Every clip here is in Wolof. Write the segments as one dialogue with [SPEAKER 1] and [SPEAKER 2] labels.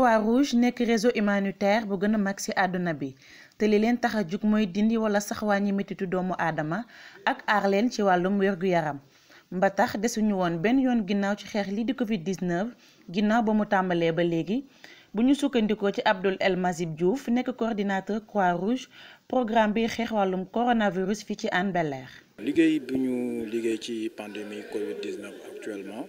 [SPEAKER 1] Croix-Rouge nekk réseau humanitaire bu gën a mag ci àdduna bi te li leen tax a jug mooy dindi wala sax wàññi metitu doomu aadama ak aar ci wàllum wér-gu-yaram mba tax desuñu woon benn yoon ginnaaw ci xeex lii di Covid-19 ginnaaw ba mu tàmbalee ba léegi bu ñu sukkandikoo ci Abdoul El Mazib Diouf nekk coordinateur Croix-Rouge programme bi xeex wàllum coronavirus fii ci Hann bel
[SPEAKER 2] liggéey bi liggéey ci pandémie covid actuellement.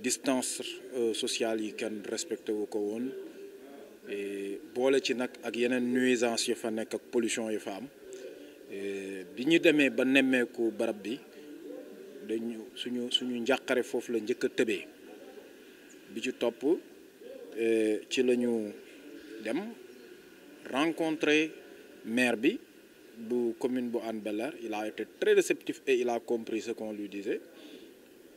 [SPEAKER 2] distance euh, sociale yi kenn respecté wu ko woon boole ci nag ak yeneen nuisance yu fa nekk ak pollution yu fa am bi ñu demee ba nemmeeku barab bi dañu suñu suñu njàqare foofu la njëkk a tëbee bi ci topp euh, ci lañu dem rencontrer maire bi du commune bu Hann Bel-Air il a été très réceptif et il a compris ce qu'on lui disait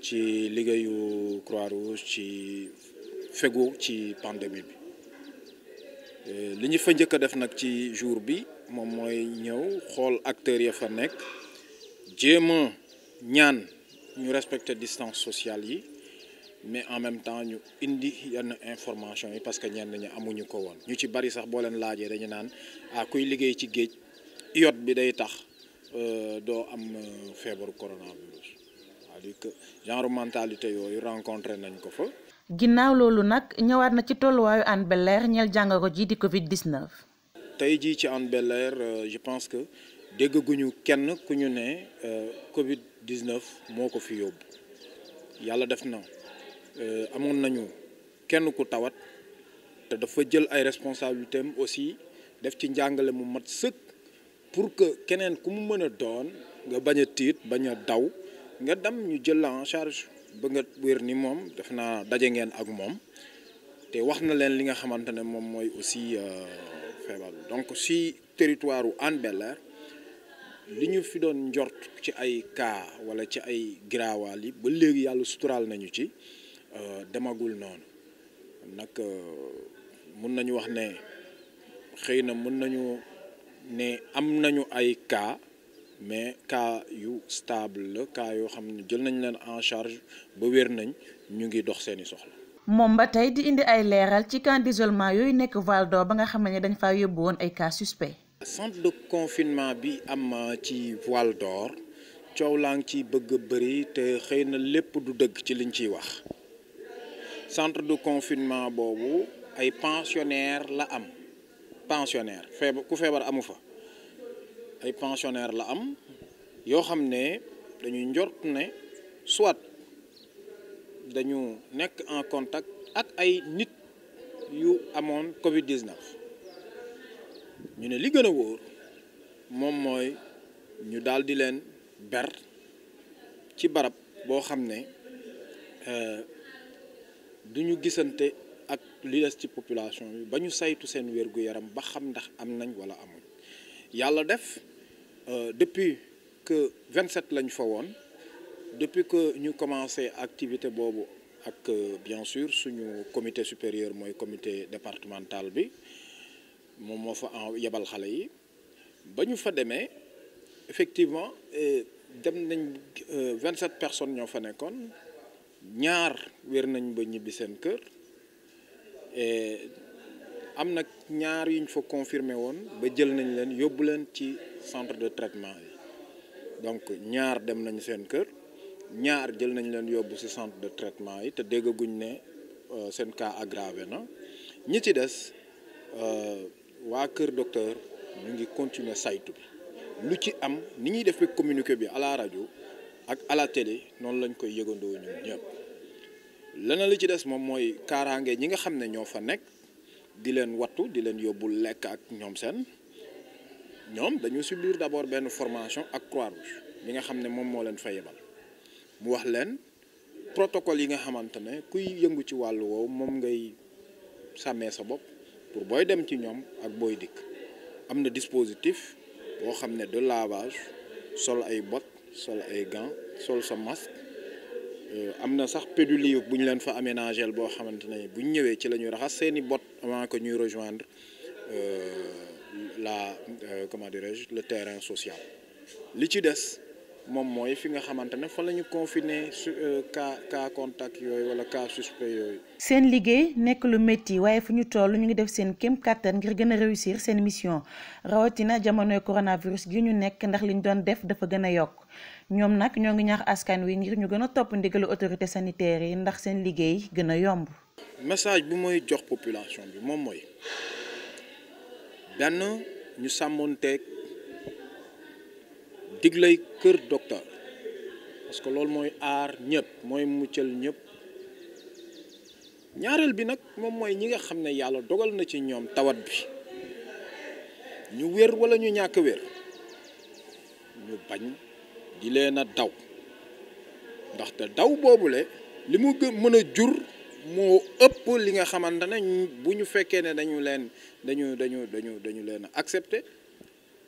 [SPEAKER 2] ci liggéeyu Croix-Rouge ci fegu ci pandémie bi euh, li ñu fa njëkk def nag ci jour bi moom mooy ñëw xool acteurs ya fa nekk jéem ñaan ñu respecter distance sociale yi mais en même temps ñu indi yenn information yi parce que ñenn ñi amuñu ko woon ñu ci bari sax boo leen laajee dañu naan ah kuy liggéey ci géej iode bi day tax euh, doo am euh, feebaru coronavirus. cest que genre mentalité yooyu rencontré nañ ko fa.
[SPEAKER 1] ginnaaw loolu nag ñëwaat na ci tolluwaayu Hann Bel-Air ñeel jàngoro ji di Covid 19.
[SPEAKER 2] tey jii ci Hann bel euh, je pense que déggaguñu kenn ku ñu ne euh, Covid 19 moo ko fi yóbbu yàlla def na euh, amoon nañu kenn ku tawat te dafa jël ay responsabilités am aussi def ci njàngale mu mat sëkk pour que keneen ku mu mën a doon nga bañ a tiit bañ a daw. nga dam ñu jël la en charge ba nga wér ni moom def naa daje ngeen ak moom te wax na leen li nga xamantene moom mooy aussi euh, feebar donc si territoire u li ñu fi doon njort ci ay cas wala ci ay grawal yi ba léegi yàlla sutural nañu ci euh, demagul noonu nag euh, mun nañu wax ne xëy na mun nañu ne am nañu ay cas mais cas yu stable la cas yoo xam jël nañ leen en charge ba wér nañ ñu ngi dox seeni soxla.
[SPEAKER 1] moom ba tey di indi ay leeral ci camp d'isolement yooyu nekk Val d'Or ba nga xam ne dañ faa yóbbu woon ay cas suspect. centre
[SPEAKER 2] de confinement bi am ci Val d'Or coow laa bëgg bëri te xëy na lépp du dëgg ci liñ ciy wax centre de confinement boobu ay pensionnaire la am pensionnaire feebar ku feebar amu fa ay pensionnaire la am yo xamné ne dañuy njort ne soit dañu nek en contact ak ay nit yu amone Covid 19 ñu né li gëna woor mom moy ñu daal di leen ber ci barab bo xamné ne euh, duñu ñu gisante ak li dess ci population bi ba saytu seen wér-gu-yaram ba xam ndax am nañ wala amuñ yalla def. Euh, depuis que 27 lañ fa depuis que ñu commencé activité bobo, ak euh, bien sûr suñu comité supérieur moy comité départemental bi mom moo fa yebal xalé yi bañu fa effectivement euh, dem nañ 27 personnes ñoo fa nekkoon ñaar wër nañ ba ñibbi seen kër am nak ñaar yuñ fa confirmé won ba jël nañ leen yobul leen ci centre de traitement yi donc ñaar dem nañ seen kër ñaar jël nañ leen yóbbu ci centre de traitement yi te déggaguñ ne euh, seen cas aggravé na ñi ci des euh, wa kër docteur ñu ngi continuer saytu bi lu ci am ni ñuy def communiqué bi à la radio, ak à la télé noonu lañ koy yëgandoo ñun ñëpp leneen li ci des moom mooy kaaraange ñi nga xam ne ñoo fa nekk. di leen wattu di leen yóbbul lekk ak ñoom seen ñoom dañu subir d'abord benn formation ak Croix-Rouge bi nga xam ne moom moo leen fa yebal mu wax leen protocole yi nga xamante ne kuy yëngu ci wàllu woowu moom ngay sàmmee sa bopp pour booy dem ci ñoom ak booy dikk am na dispositif boo xam ne de lavage sol ay bot sol ay gants sol sa masque Euh, amna sax pédulive buñ ñu leen fa aménagel bo xamantene buñ ñëwé ci lañu ñuy raxas seeni bot avant que ñuy rejoindre euh la euh, comment dirais-je le terrain social li ci dess mom moy fi nga xamantene fa lañu confiner su euh, cas cas contact yoy wala cas suspect yoy
[SPEAKER 1] seen liggéey nekk lu metti waaye fu ñu toll ñu ngi def seen kéem kàttan ngir gën a réussir seen mission rawatina jamonoy coronavirus gi ñu nekk ndax liñ doon def dafa gën a yokk. ñom nak ñoo ngi ñaax askan wi ngir ñu gëna top ndigal autorité sanitaire yi ndax seen liggéey gëna yomb.
[SPEAKER 2] message bu moy jox population bi mom moy ben ñu samonté diglay kër docteur parce que lool moy moy ñepp moy muccel ñepp ñaareel bi nak mom moy ñi nga xam yalla dogal na ci ñom tawat bi ñu wër wala ñu ñàkk wër ñu bañ. di leen daw ndaxte daw boobule li mu gën mën a jur moo ëpp li nga xamante ne bu ñu fekkee ne dañu leen dañu dañu dañu dañu leen a accepter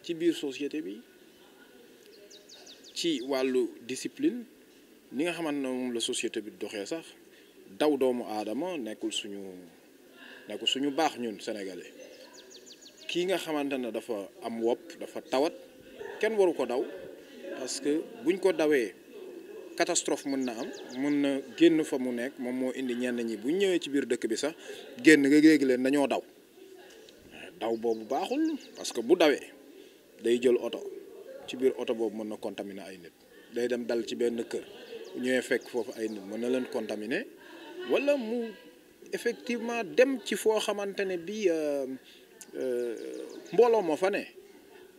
[SPEAKER 2] ci biir société bi ci wàllu discipline ni nga xamante ne moom la société bi doxee sax daw doomu aadama nekkul suñu nekkul suñu baax ñun sénégalais kii nga xamante ne dafa am wopp dafa tawat kenn waru ko daw parce que buñ ko dawee catastrophe mën na am mën na génn fa mu nekk moom moo indi ñenn ñi buñ ñëwee ci biir dëkk bi sax génn nga léegi leen dañoo daw daw boobu baaxul parce que bu dawee day jël oto ci biir oto boobu mën na contaminer ay nit day dem dal ci benn kër ñëwee fekk foofu ay nit mën na leen contaminer walla mu effectivement dem ci foo xamante ne bii euh, euh, mbooloo moo fa ne.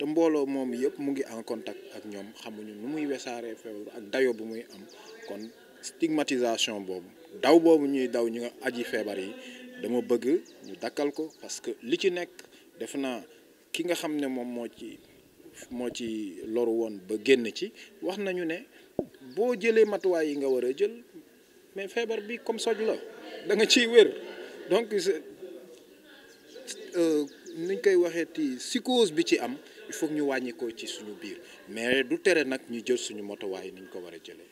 [SPEAKER 2] te mbooloo moom yëpp mu ngi en contact ak ñoom xamuñu nu muy wesaaree feebar ak dayo bu muy am kon stigmatisation boobu daw boobu ñuy daw ñu nga aji feebar yi dama bëgg ñu dakkal ko parce que li ci nekk def naa ki nga xam ne moom moo ci moo ci loru woon ba génn ci wax nañu ne boo jëlee matuwaay yi nga war a jël mais feebar bi comme soj la da nga ciy wér donc euh, nuñ koy waxee ti psychose bi ci am il faut ñu wàññi ko ci suñu biir mais du tere nag ñu jël suñu motowaay ni ñu ko war a jëlee.